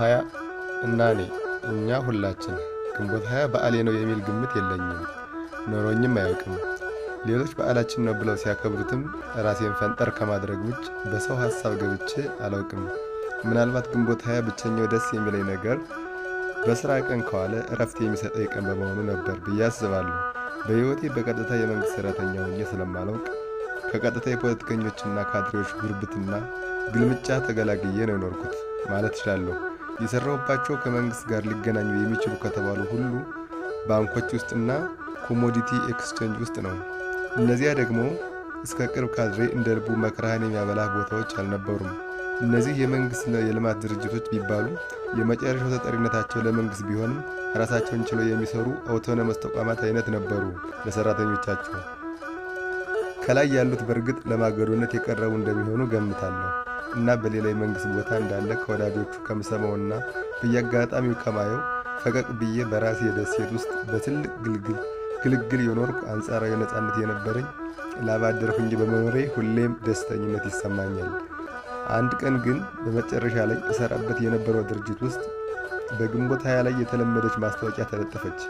20 እና እኔ እኛ ሁላችን ግንቦት 20 በዓሌ ነው የሚል ግምት የለኝም፣ ኖሮኝም አያውቅም። ሌሎች በዓላችን ነው ብለው ሲያከብሩትም ራሴን ፈንጠር ከማድረግ ውጭ በሰው ሀሳብ ገብቼ አላውቅም። ምናልባት ግንቦት 20 ብቸኛው ደስ የሚለኝ ነገር በስራ ቀን ከዋለ እረፍት የሚሰጠኝ ቀን በመሆኑ ነበር ብዬ አስባለሁ። በሕይወቴ በቀጥታ የመንግሥት ሠራተኛ ሆኜ ስለማላውቅ ከቀጥታ የፖለቲከኞችና ካድሬዎች ጉርብትና ግልምጫ ተገላግዬ ነው የኖርኩት ማለት እችላለሁ። የሰራሁባቸው ከመንግስት ጋር ሊገናኙ የሚችሉ ከተባሉ ሁሉ ባንኮች ውስጥና ኮሞዲቲ ኤክስቼንጅ ውስጥ ነው። እነዚያ ደግሞ እስከ ቅርብ ካድሬ እንደ ልቡ መከራህን የሚያበላህ ቦታዎች አልነበሩም። እነዚህ የመንግስት የልማት ድርጅቶች ቢባሉ የመጨረሻው ተጠሪነታቸው ለመንግስት ቢሆንም ራሳቸውን ችለው የሚሰሩ አውቶኖመስ ተቋማት አይነት ነበሩ ለሰራተኞቻቸው። ከላይ ያሉት በእርግጥ ለማገዶነት የቀረቡ እንደሚሆኑ ገምታለሁ። እና በሌላ የመንግሥት ቦታ እንዳለ ከወዳጆቹ ከምሰማውና በየአጋጣሚው ከማየው ፈቀቅ ብዬ በራሴ የደሴት ውስጥ በትልቅ ግልግል ግልግል የኖርኩ አንጻራዊ ነፃነት የነበረኝ ላባደርሁ እንጂ በመኖሬ ሁሌም ደስተኝነት ይሰማኛል። አንድ ቀን ግን በመጨረሻ ላይ እሰራበት የነበረው ድርጅት ውስጥ በግንቦት ሀያ ላይ የተለመደች ማስታወቂያ ተለጠፈች።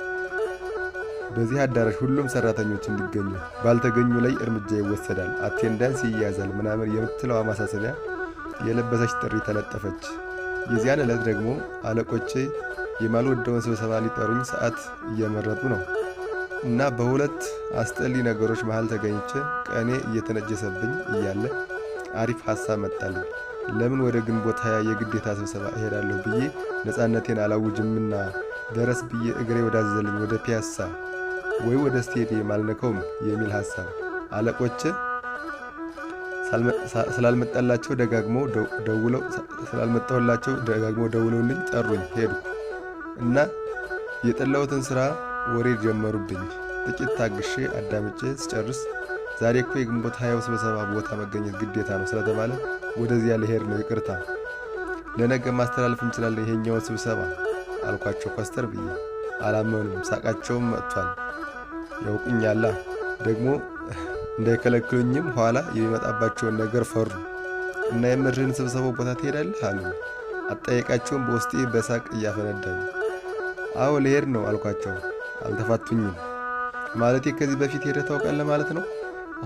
በዚህ አዳራሽ ሁሉም ሰራተኞች እንዲገኙ፣ ባልተገኙ ላይ እርምጃ ይወሰዳል፣ አቴንዳንስ ይያዛል ምናምን የምትለው ማሳሰቢያ የለበሰች ጥሪ ተለጠፈች። የዚያን ዕለት ደግሞ አለቆቼ የማልወደውን ስብሰባ ሊጠሩኝ ሰዓት እየመረጡ ነው እና በሁለት አስጠሊ ነገሮች መሃል ተገኝቼ ቀኔ እየተነጀሰብኝ እያለ አሪፍ ሀሳብ መጣልኝ። ለምን ወደ ግንቦት ሀያ የግዴታ ስብሰባ እሄዳለሁ ብዬ ነፃነቴን አላውጅምና ደረስ ብዬ እግሬ ወዳዘለኝ ወደ ፒያሳ ወይ ወደ ስቴዲየም አልነከውም የሚል ሀሳብ አለቆቼ ስላልመጣላቸው ደጋግሞ ደውለው ስላልመጣሁላቸው ደጋግሞ ደውለውልኝ ጠሩኝ ሄድኩ እና የጠላሁትን ስራ ወሬ ጀመሩብኝ። ጥቂት ታግሼ አዳምጬ ስጨርስ ዛሬ እኮ የግንቦት ሀያው ስብሰባ ቦታ መገኘት ግዴታ ነው ስለተባለ ወደዚያ ልሄድ ነው፣ ይቅርታ ለነገ ማስተላለፍ እንችላለን ይሄኛውን ስብሰባ አልኳቸው ኮስተር ብዬ። አላመኑም። ሳቃቸውም መጥቷል። ያውቁኛላ ደግሞ እንዳይከለክሉኝም ኋላ የሚመጣባቸውን ነገር ፈሩ እና የምድርን ስብሰባው ቦታ ትሄዳለህ አሉ። አጠየቃቸውን በውስጤ በሳቅ እያፈነዳኝ አዎ ልሄድ ነው አልኳቸው። አልተፋቱኝም። ማለቴ ከዚህ በፊት ሄደህ ታውቃለህ ማለት ነው?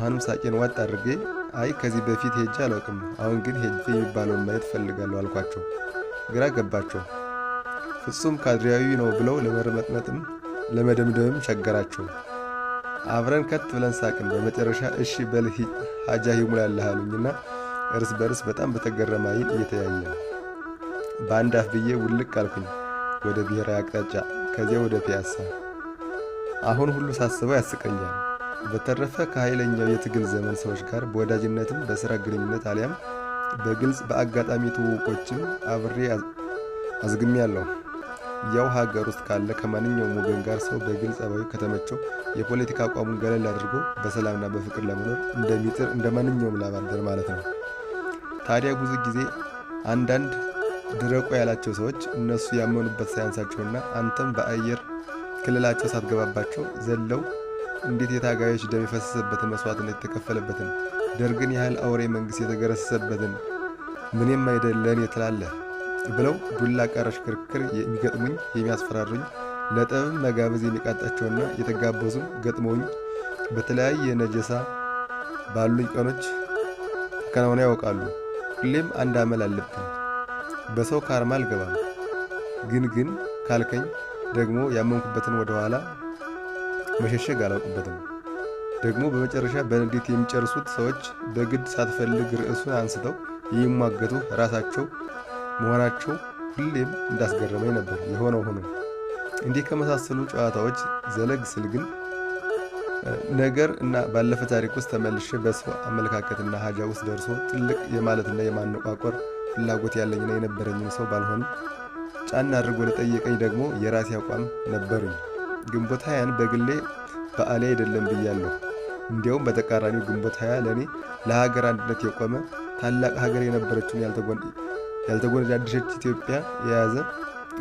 አሁንም ሳቄን ዋጥ አድርጌ አይ ከዚህ በፊት ሄጄ አላውቅም፣ አሁን ግን ሄጄ የሚባለውን ማየት ፈልጋለሁ አልኳቸው። ግራ ገባቸው። ፍጹም ካድሬያዊ ነው ብለው ለመርመጥመጥም ለመደምደምም ቸገራቸው። አብረን ከት ብለን ሳቅን። በመጨረሻ እሺ በል ሀጃ ይሙላልህ አሉኝና እርስ በርስ በጣም በተገረመ ዓይን እየተያየ በአንድ አፍ ብዬ ውልቅ አልኩኝ ወደ ብሔራዊ አቅጣጫ፣ ከዚያ ወደ ፒያሳ። አሁን ሁሉ ሳስበው ያስቀኛል። በተረፈ ከኃይለኛው የትግል ዘመን ሰዎች ጋር በወዳጅነትም በሥራ ግንኙነት አሊያም በግልጽ በአጋጣሚ ትውውቆችም አብሬ አዝግሜያለሁ። ያው ሀገር ውስጥ ካለ ከማንኛውም ወገን ጋር ሰው በግልጽ ጸባዩ ከተመቸው የፖለቲካ አቋሙን ገለል አድርጎ በሰላምና በፍቅር ለመኖር እንደሚጥር እንደ ማንኛውም ላባልደር ማለት ነው። ታዲያ ብዙ ጊዜ አንዳንድ ድረቁ ያላቸው ሰዎች እነሱ ያመኑበት ሳያንሳቸውና አንተም በአየር ክልላቸው ሳትገባባቸው ዘለው እንዴት የታጋዮች ደም የፈሰሰበትን መስዋዕትነት የተከፈለበትን ደርግን ያህል አውሬ መንግስት የተገረሰሰበትን ምንም አይደለን የትላለህ ብለው ዱላ ቀረሽ ክርክር የሚገጥሙኝ የሚያስፈራሩኝ ለጥበብ መጋበዝ የሚቃጣቸውና የተጋበዙም ገጥመውኝ በተለያየ ነጀሳ ባሉኝ ቀኖች ተከናውነው ያውቃሉ። ሁሌም አንድ አመል አለብኝ። በሰው ካርማ አልገባም። ግን ግን ካልከኝ ደግሞ ያመንኩበትን ወደኋላ መሸሸግ አላውቅበትም። ደግሞ በመጨረሻ በንዴት የሚጨርሱት ሰዎች በግድ ሳትፈልግ ርዕሱን አንስተው የሚሟገቱ ራሳቸው መሆናቸው ሁሌም እንዳስገረመኝ ነበር። የሆነው ሆኖ እንዲህ ከመሳሰሉ ጨዋታዎች ዘለግ ስል ግን ነገር እና ባለፈ ታሪክ ውስጥ ተመልሼ በሰው አመለካከትና ሀጃ ውስጥ ደርሶ ትልቅ የማለትና የማነቋቆር ፍላጎት ያለኝና የነበረኝን ሰው ባልሆን ጫና አድርጎ ለጠየቀኝ ደግሞ የራሴ አቋም ነበሩኝ። ግንቦት ሀያን በግሌ በዓሌ አይደለም ብያለሁ። እንዲያውም በተቃራኒው ግንቦት ሀያ ለእኔ ለሀገር አንድነት የቆመ ታላቅ ሀገር የነበረችውን ያልተጎነዳደሸች ኢትዮጵያ የያዘ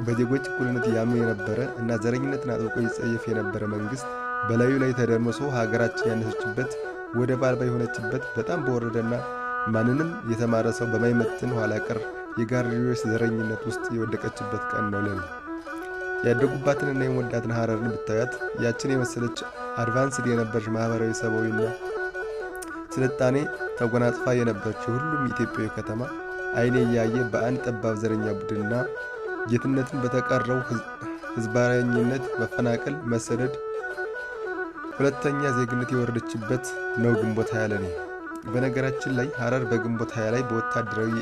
በዜጎች እኩልነት ያምን የነበረ እና ዘረኝነትን አጥብቆ ይጸየፍ የነበረ መንግስት በላዩ ላይ ተደርመሶ ሀገራችን ያነሰችበት ወደብ አልባ የሆነችበት በጣም በወረደና ማንንም የተማረ ሰው በማይመጥን ኋላ ቀር ዘረኝነት ውስጥ የወደቀችበት ቀን ነው ለን ያደጉባትንና የሞዳትን ሀረርን ብታያት ያችን የመሰለች አድቫንስድ የነበረች ማህበራዊ ሰብአዊና ስልጣኔ ተጎናጽፋ የነበረች ሁሉም ኢትዮጵያዊ ከተማ አይኔ እያየ በአንድ ጠባብ ዘረኛ ቡድንና ጌትነትን በተቀረው ህዝባዊነት መፈናቀል፣ መሰደድ ሁለተኛ ዜግነት የወረደችበት ነው ግንቦት ሃያ ለኔ። በነገራችን ላይ ሀረር በግንቦት ሃያ ላይ በወታደራዊ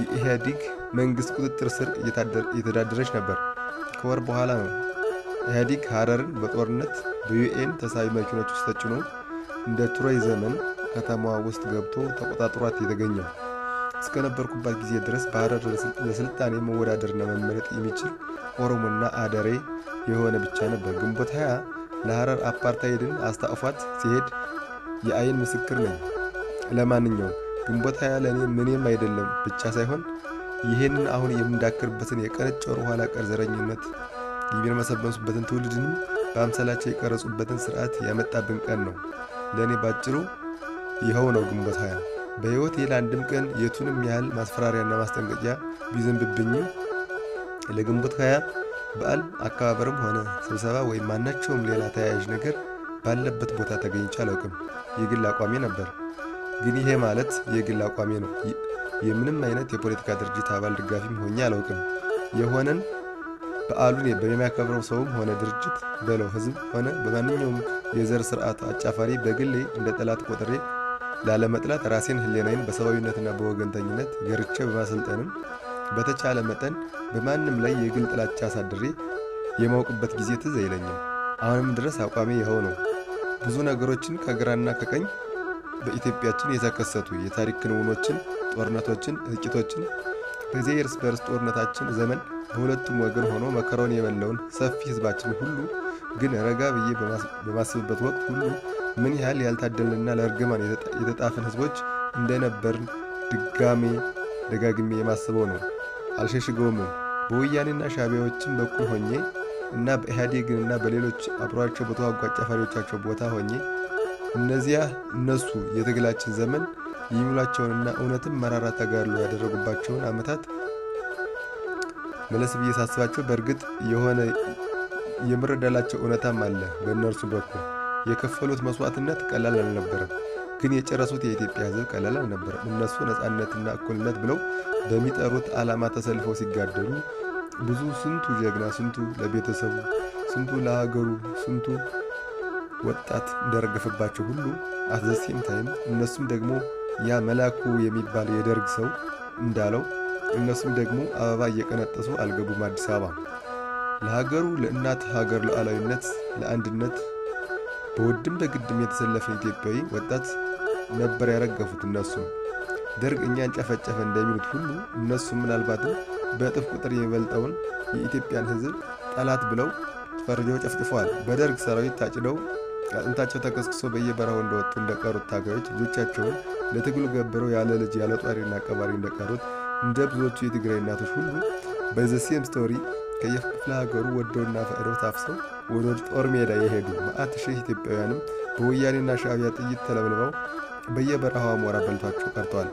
የኢህአዲግ መንግስት ቁጥጥር ስር እየተዳደረች ነበር። ከወር በኋላ ነው ኢህአዲግ ሀረርን በጦርነት በዩኤን ተሳቢ መኪኖች ውስጥ ተጭኖ እንደ ቱሬ ዘመን ከተማዋ ውስጥ ገብቶ ተቆጣጥሯት የተገኘው። እስከነበርኩባት ጊዜ ድረስ በሐረር ለስልጣኔ መወዳደርና መመረጥ የሚችል ኦሮሞና አደሬ የሆነ ብቻ ነበር። ግንቦት ሀያ ለሐረር አፓርታይድን አስታፏት ሲሄድ የአይን ምስክር ነኝ። ለማንኛውም ግንቦት ሀያ ለእኔ ምንም አይደለም ብቻ ሳይሆን ይህንን አሁን የምንዳክርበትን የቀነጨሩ ኋላ ቀር ዘረኝነት የሚመሰበሱበትን ትውልድንም በአምሳላቸው የቀረጹበትን ስርዓት ያመጣብን ቀን ነው። ለእኔ ባጭሩ ይኸው ነው ግንቦት ሀያ በሕይወቴ ለአንድም ቀን የቱንም ያህል ማስፈራሪያና ማስጠንቀቂያ ቢዘንብብኝ ለግንቦት ሃያ በዓል አከባበርም ሆነ ስብሰባ ወይም ማናቸውም ሌላ ተያያዥ ነገር ባለበት ቦታ ተገኝቼ አላውቅም። የግል አቋሜ ነበር። ግን ይሄ ማለት የግል አቋሜ ነው። የምንም አይነት የፖለቲካ ድርጅት አባል ደጋፊም ሆኜ አላውቅም። የሆነን በዓሉን በሚያከብረው ሰውም ሆነ ድርጅት በለው ህዝብ ሆነ በማንኛውም የዘር ስርዓት አጫፋሪ በግሌ እንደ ጠላት ቆጥሬ ላለመጥላት ራሴን ሕሊናዬን በሰብአዊነትና በወገንተኝነት ገርቼ በማሰልጠንም በተቻለ መጠን በማንም ላይ የግል ጥላቻ አሳድሬ የማውቅበት ጊዜ ትዝ አይለኝም። አሁንም ድረስ አቋሜ ይኸው ነው። ብዙ ነገሮችን ከግራና ከቀኝ በኢትዮጵያችን የተከሰቱ የታሪክ ክንውኖችን፣ ጦርነቶችን፣ እልቂቶችን በዚህ የእርስ በርስ ጦርነታችን ዘመን በሁለቱም ወገን ሆኖ መከራውን የበላውን ሰፊ ህዝባችን ሁሉ ግን ረጋ ብዬ በማስብበት ወቅት ሁሉ ምን ያህል ያልታደልንና ለእርግማን የተጣፍን ህዝቦች እንደነበርን ድጋሜ ደጋግሜ የማስበው ነው። አልሸሽገውም። በወያኔና ሻቢያዎችን በኩል ሆኜ እና በኢህአዴግንና በሌሎች አብሯቸው በተዋጉ አጫፋሪዎቻቸው ቦታ ሆኜ እነዚያ እነሱ የትግላችን ዘመን የሚሏቸውንና እውነትም መራራ ተጋድሎ ያደረጉባቸውን ዓመታት መለስ ብዬ ሳስባቸው በእርግጥ የሆነ የምረዳላቸው እውነታም አለ በእነርሱ በኩል የከፈሉት መስዋዕትነት ቀላል አልነበረም። ግን የጨረሱት የኢትዮጵያ ሕዝብ ቀላል አልነበረም። እነሱ ነፃነትና እኩልነት ብለው በሚጠሩት ዓላማ ተሰልፈው ሲጋደሉ ብዙ ስንቱ ጀግና፣ ስንቱ ለቤተሰቡ፣ ስንቱ ለሀገሩ፣ ስንቱ ወጣት እንደረገፈባቸው ሁሉ አትዘሴም ታይም እነሱም ደግሞ ያ መላኩ የሚባል የደርግ ሰው እንዳለው እነሱም ደግሞ አበባ እየቀነጠሱ አልገቡም አዲስ አበባ ለሀገሩ ለእናት ሀገር ሉዓላዊነት ለአንድነት በውድም በግድም የተሰለፈ ኢትዮጵያዊ ወጣት ነበር ያረገፉት። እነሱም ደርግ እኛን ጨፈጨፈ እንደሚሉት ሁሉ እነሱም ምናልባትም በእጥፍ ቁጥር የሚበልጠውን የኢትዮጵያን ሕዝብ ጠላት ብለው ፈርጀው ጨፍጭፈዋል። በደርግ ሰራዊት ታጭደው አጥንታቸው ተከስክሶ በየበረሃው እንደወጡ እንደቀሩት ታጋዮች ልጆቻቸውን ለትግሉ ገብረው ያለ ልጅ ያለ ጧሪና አቀባሪ እንደቀሩት እንደ ብዙዎቹ የትግራይ እናቶች ሁሉ በዘሴም ስቶሪ ከየክፍለ ሀገሩ ወደውና ፈቅደው ታፍሰው ወደ ጦር ሜዳ የሄዱ መዓት ሺህ ኢትዮጵያውያንም በወያኔና ሻዕቢያ ጥይት ተለብልበው በየበረሃዋ ሞራ በልቷቸው ቀርተዋል።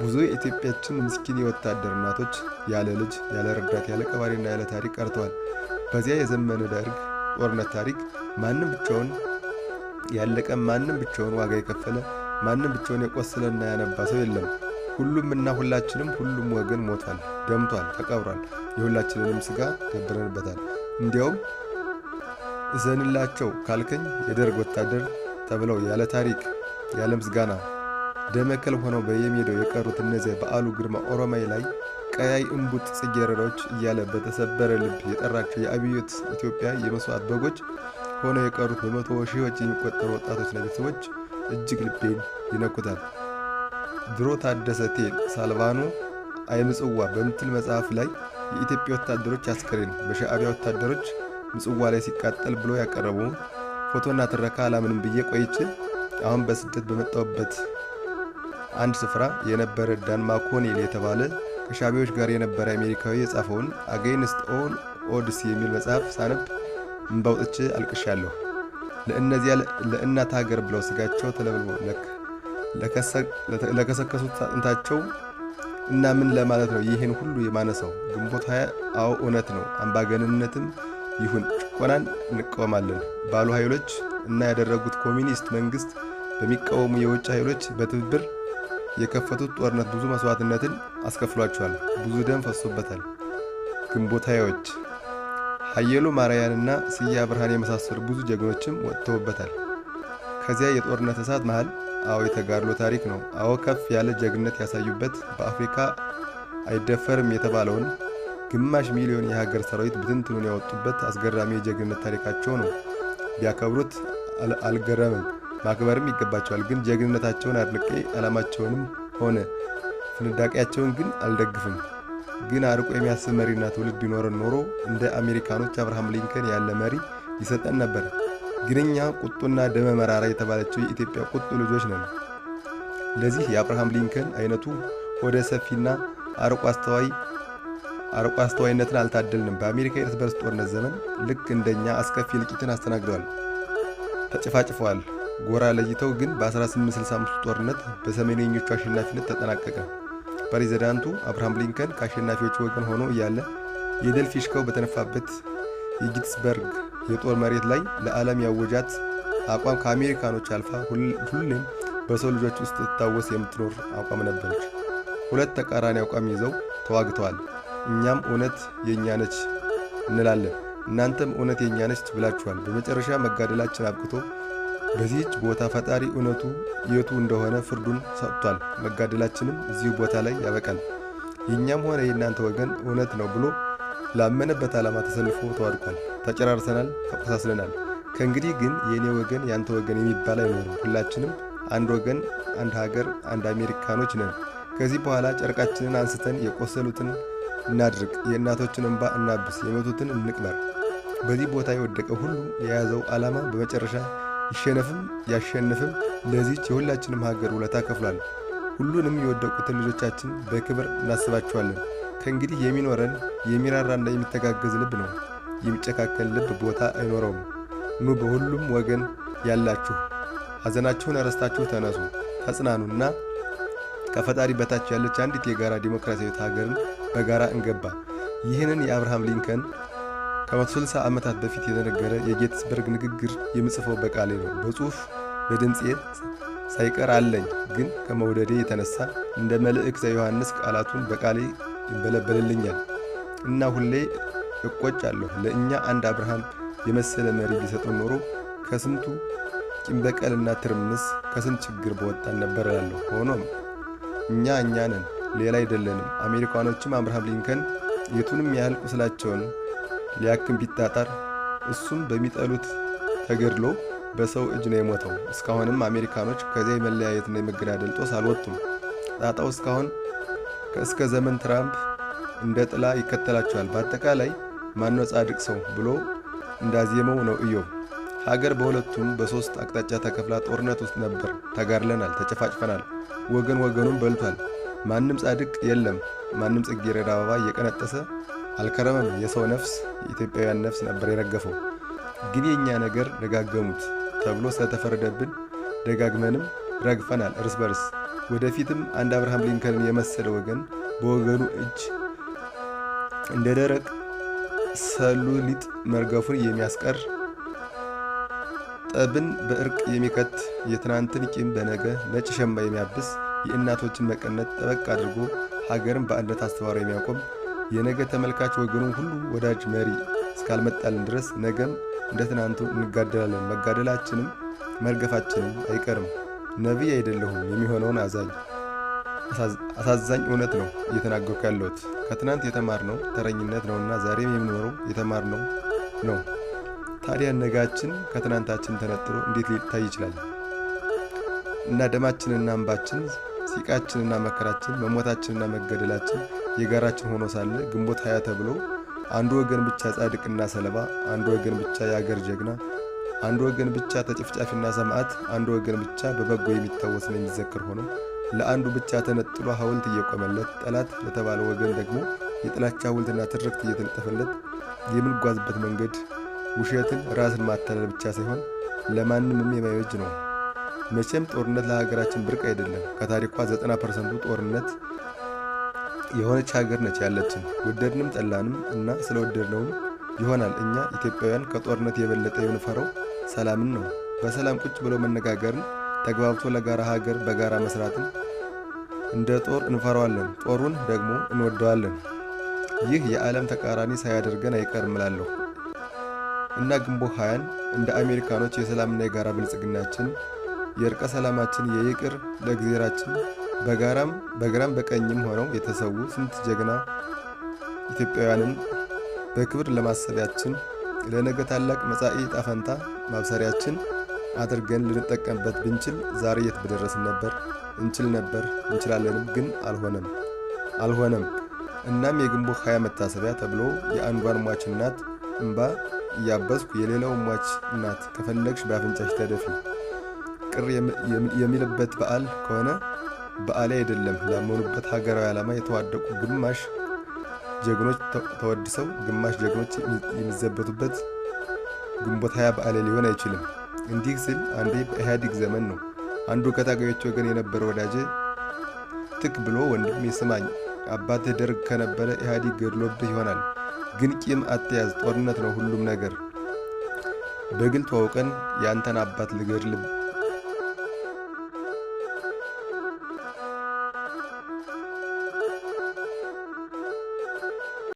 ብዙ የኢትዮጵያችን ምስኪን የወታደር እናቶች ያለ ልጅ፣ ያለ ረዳት፣ ያለ ቀባሪና ያለ ታሪክ ቀርተዋል። በዚያ የዘመነ ደርግ ጦርነት ታሪክ ማንም ብቻውን ያለቀ፣ ማንም ብቻውን ዋጋ የከፈለ፣ ማንም ብቻውን የቆሰለና ያነባ ሰው የለም። ሁሉም እና ሁላችንም ሁሉም ወገን ሞቷል፣ ደምቷል፣ ተቀብሯል። የሁላችንንም ስጋ ገብረንበታል። እንዲያውም እዘንላቸው ካልከኝ የደርግ ወታደር ተብለው ያለ ታሪክ ያለ ምስጋና ደመከል ሆነው በየሜዳው የቀሩት እነዚያ በዓሉ ግርማ ኦሮማይ ላይ ቀያይ እምቡጥ ጽጌረዳዎች እያለ በተሰበረ ልብ የጠራቸው የአብዮት ኢትዮጵያ የመስዋዕት በጎች ሆነው የቀሩት በመቶ ሺዎች የሚቆጠሩ ወጣቶችና ቤተሰቦች እጅግ ልቤን ይነኩታል። ድሮ ታደሰ ቴል ሳልቫኖ አይምጽዋ በምትል መጽሐፍ ላይ የኢትዮጵያ ወታደሮች አስከሬን በሻዕቢያ ወታደሮች ምጽዋ ላይ ሲቃጠል ብሎ ያቀረበው ፎቶና ትረካ አላምንም ብዬ ቆይቼ አሁን በስደት በመጣሁበት አንድ ስፍራ የነበረ ዳን ማኮኔል የተባለ ከሻቢዎች ጋር የነበረ አሜሪካዊ የጻፈውን አጌንስት ኦል ኦድስ የሚል መጽሐፍ ሳነብ እንባውጥቼ አልቅሻለሁ። ለእነዚያ ለእናት ሀገር ብለው ስጋቸው ተለብሎ ለከሰከሱት አጥንታቸው እና ምን ለማለት ነው ይህን ሁሉ የማነሳው? ግንቦት ሀያ አዎ እውነት ነው። አምባገንነትም ይሁን ጭቆናን እንቃወማለን ባሉ ኃይሎች እና ያደረጉት ኮሚኒስት መንግስት በሚቃወሙ የውጭ ኃይሎች በትብብር የከፈቱት ጦርነት ብዙ መስዋዕትነትን አስከፍሏቸዋል። ብዙ ደም ፈሶበታል። ግንቦታዎች ሀየሉ ማርያንና ስያ ብርሃን የመሳሰሉ ብዙ ጀግኖችም ወጥተውበታል። ከዚያ የጦርነት እሳት መሃል አዎ የተጋድሎ ታሪክ ነው። አዎ ከፍ ያለ ጀግነት ያሳዩበት በአፍሪካ አይደፈርም የተባለውን ግማሽ ሚሊዮን የሀገር ሰራዊት ብትንትኑን ያወጡበት አስገራሚ የጀግንነት ታሪካቸው ነው። ቢያከብሩት አልገረምም፣ ማክበርም ይገባቸዋል። ግን ጀግንነታቸውን አድንቄ ዓላማቸውንም ሆነ ፍንዳቄያቸውን ግን አልደግፍም። ግን አርቆ የሚያስብ መሪና ትውልድ ቢኖረን ኖሮ እንደ አሜሪካኖች አብርሃም ሊንከን ያለ መሪ ይሰጠን ነበር። ግን እኛ ቁጡና ደመ መራራ የተባለችው የኢትዮጵያ ቁጡ ልጆች ነን። ለዚህ የአብርሃም ሊንከን አይነቱ ወደ ሰፊና አርቆ አስተዋይ አርቆ አስተዋይነትን አልታደልንም። በአሜሪካ የእርስ በርስ ጦርነት ዘመን ልክ እንደኛ አስከፊ እልቂትን አስተናግደዋል፣ ተጨፋጭፈዋል። ጎራ ለይተው ግን በ1865 ጦርነት በሰሜነኞቹ አሸናፊነት ተጠናቀቀ። ፕሬዚዳንቱ አብርሃም ሊንከን ከአሸናፊዎቹ ወገን ሆኖ እያለ የድል ፊሽካው በተነፋበት የጊትስበርግ የጦር መሬት ላይ ለዓለም ያወጃት አቋም ከአሜሪካኖች አልፋ ሁሌም በሰው ልጆች ውስጥ ትታወስ የምትኖር አቋም ነበረች። ሁለት ተቃራኒ አቋም ይዘው ተዋግተዋል። እኛም እውነት የእኛ ነች እንላለን፣ እናንተም እውነት የእኛ ነች ብላችኋል። በመጨረሻ መጋደላችን አብቅቶ በዚህች ቦታ ፈጣሪ እውነቱ የቱ እንደሆነ ፍርዱን ሰጥቷል። መጋደላችንም እዚሁ ቦታ ላይ ያበቃል። የእኛም ሆነ የእናንተ ወገን እውነት ነው ብሎ ላመነበት ዓላማ ተሰልፎ ተዋድቋል። ተጨራርሰናል፣ ተቆሳስለናል። ከእንግዲህ ግን የእኔ ወገን ያንተ ወገን የሚባል አይኖርም። ሁላችንም አንድ ወገን፣ አንድ ሀገር፣ አንድ አሜሪካኖች ነን። ከዚህ በኋላ ጨርቃችንን አንስተን የቆሰሉትን እናድርቅ የእናቶችን እንባ እናብስ፣ የሞቱትን እንቅበር። በዚህ ቦታ የወደቀ ሁሉ የያዘው ዓላማ በመጨረሻ ይሸነፍም ያሸንፍም ለዚች የሁላችንም ሀገር ውለታ ከፍሏል። ሁሉንም የወደቁትን ልጆቻችን በክብር እናስባቸዋለን። ከእንግዲህ የሚኖረን የሚራራና የሚተጋገዝ ልብ ነው። የሚጨካከል ልብ ቦታ አይኖረውም። ኑ በሁሉም ወገን ያላችሁ ሐዘናችሁን ረስታችሁ ተነሱ፣ ተጽናኑና ከፈጣሪ በታች ያለች አንዲት የጋራ ዲሞክራሲያዊት ሀገርን በጋራ እንገባ። ይህንን የአብርሃም ሊንከን ከ160 ዓመታት በፊት የተነገረ የጌትስበርግ ንግግር የምጽፈው በቃሌ ነው። በጽሑፍ በድምፄ ሳይቀር አለኝ። ግን ከመውደዴ የተነሳ እንደ መልእክተ ዮሐንስ ቃላቱን በቃሌ ይንበለበልልኛል እና ሁሌ እቆጫለሁ። ለእኛ አንድ አብርሃም የመሰለ መሪ ቢሰጠን ኖሮ ከስንቱ ቂም በቀልና ትርምስ ከስንት ችግር በወጣን ነበር እላለሁ። ሆኖም እኛ እኛ ነን። ሌላ አይደለንም። አሜሪካኖችም አብርሃም ሊንከን የቱንም ያህል ቁስላቸውን ሊያክም ቢጣጣር እሱም በሚጠሉት ተገድሎ በሰው እጅ ነው የሞተው። እስካሁንም አሜሪካኖች ከዚያ የመለያየትና የመገዳደል ጦስ አልወጡም። ጣጣው እስካሁን ከእስከ ዘመን ትራምፕ እንደ ጥላ ይከተላቸዋል። በአጠቃላይ ማነው ጻድቅ ሰው ብሎ እንዳዜመው ነው እዮብ። ሀገር በሁለቱም በሶስት አቅጣጫ ተከፍላ ጦርነት ውስጥ ነበር። ተጋድለናል፣ ተጨፋጭፈናል፣ ወገን ወገኑን በልቷል። ማንም ጻድቅ የለም፣ ማንም ጽጌረዳ አበባ እየቀነጠሰ አልከረመም። የሰው ነፍስ የኢትዮጵያውያን ነፍስ ነበር የረገፈው። ግን የእኛ ነገር ደጋገሙት ተብሎ ስለተፈረደብን ደጋግመንም ረግፈናል እርስ በርስ። ወደፊትም አንድ አብርሃም ሊንከንን የመሰለ ወገን በወገኑ እጅ እንደ ደረቅ ሰሉሊጥ መርገፉን የሚያስቀር ጠብን በእርቅ የሚከት የትናንትን ቂም በነገ ነጭ ሸማ የሚያብስ የእናቶችን መቀነት ጠበቅ አድርጎ ሀገርን በአንድነት አስተባሪ የሚያቆም የነገ ተመልካች ወገኑን ሁሉ ወዳጅ መሪ እስካልመጣልን ድረስ ነገም እንደ ትናንቱ እንጋደላለን። መጋደላችንም መርገፋችንም አይቀርም። ነቢይ አይደለሁም የሚሆነውን አዛኝ አሳዛኝ እውነት ነው እየተናገርኩ ያለሁት። ከትናንት የተማርነው ተረኝነት ነውና ዛሬም የምኖረው የተማርነው ነው። ታዲያ ነጋችን ከትናንታችን ተነጥሎ እንዴት ሊታይ ይችላል? እና ደማችንና እንባችን ሲቃችንና መከራችን መሞታችንና መገደላችን የጋራችን ሆኖ ሳለ ግንቦት ሀያ ተብሎ አንዱ ወገን ብቻ ጻድቅና ሰለባ፣ አንዱ ወገን ብቻ የአገር ጀግና፣ አንዱ ወገን ብቻ ተጨፍጫፊና ሰማዕት፣ አንዱ ወገን ብቻ በበጎ የሚታወስና የሚዘክር ሆኖ ለአንዱ ብቻ ተነጥሎ ሐውልት እየቆመለት ጠላት ለተባለ ወገን ደግሞ የጥላቻ ሐውልትና ትርክት እየተለጠፈለት የምንጓዝበት መንገድ ውሸትን ራስን ማታለል ብቻ ሳይሆን ለማንምም የማይበጅ ነው። መቼም ጦርነት ለሀገራችን ብርቅ አይደለም። ከታሪኳ 90 ፐርሰንቱ ጦርነት የሆነች ሀገር ነች ያለችን። ወደድንም ጠላንም እና ስለወደድነውም ይሆናል እኛ ኢትዮጵያውያን ከጦርነት የበለጠ የምንፈራው ሰላምን ነው። በሰላም ቁጭ ብሎ መነጋገርን፣ ተግባብቶ ለጋራ ሀገር በጋራ መስራትን እንደ ጦር እንፈራዋለን፣ ጦሩን ደግሞ እንወደዋለን። ይህ የዓለም ተቃራኒ ሳያደርገን አይቀርም እላለሁ እና ግንቦት ሃያን እንደ አሜሪካኖች የሰላምና የጋራ ብልጽግናችን የእርቀ ሰላማችን የይቅር ለእግዜራችን በጋራም በግራም በቀኝም ሆነው የተሰዉ ስንት ጀግና ኢትዮጵያውያንን በክብር ለማሰቢያችን ለነገ ታላቅ መጻኢ ጣፈንታ ማብሰሪያችን አድርገን ልንጠቀምበት ብንችል ዛሬ የት በደረስን ነበር። እንችል ነበር፣ እንችላለንም፣ ግን አልሆነም አልሆነም። እናም የግንቦት ሀያ መታሰቢያ ተብሎ የአንዷን ሟች እናት እምባ እያበስኩ የሌላው ሟች እናት ከፈለግሽ በአፍንጫሽ ተደፊ ቅር የሚልበት በዓል ከሆነ በዓሌ አይደለም ላመኑበት ሀገራዊ ዓላማ የተዋደቁ ግማሽ ጀግኖች ተወድሰው ግማሽ ጀግኖች የሚዘበቱበት ግንቦት ሀያ በዓሌ ሊሆን አይችልም። እንዲህ ስል አንዴ በኢህአዲግ ዘመን ነው። አንዱ ከታጋዮች ወገን የነበረ ወዳጄ ትክ ብሎ ወንድም ይስማኝ፣ አባትህ ደርግ ከነበረ ኢህአዲግ ገድሎብህ ይሆናል። ግን ቂም አትያዝ፣ ጦርነት ነው ሁሉም ነገር። በግል ተዋውቀን የአንተን አባት ልገድልብ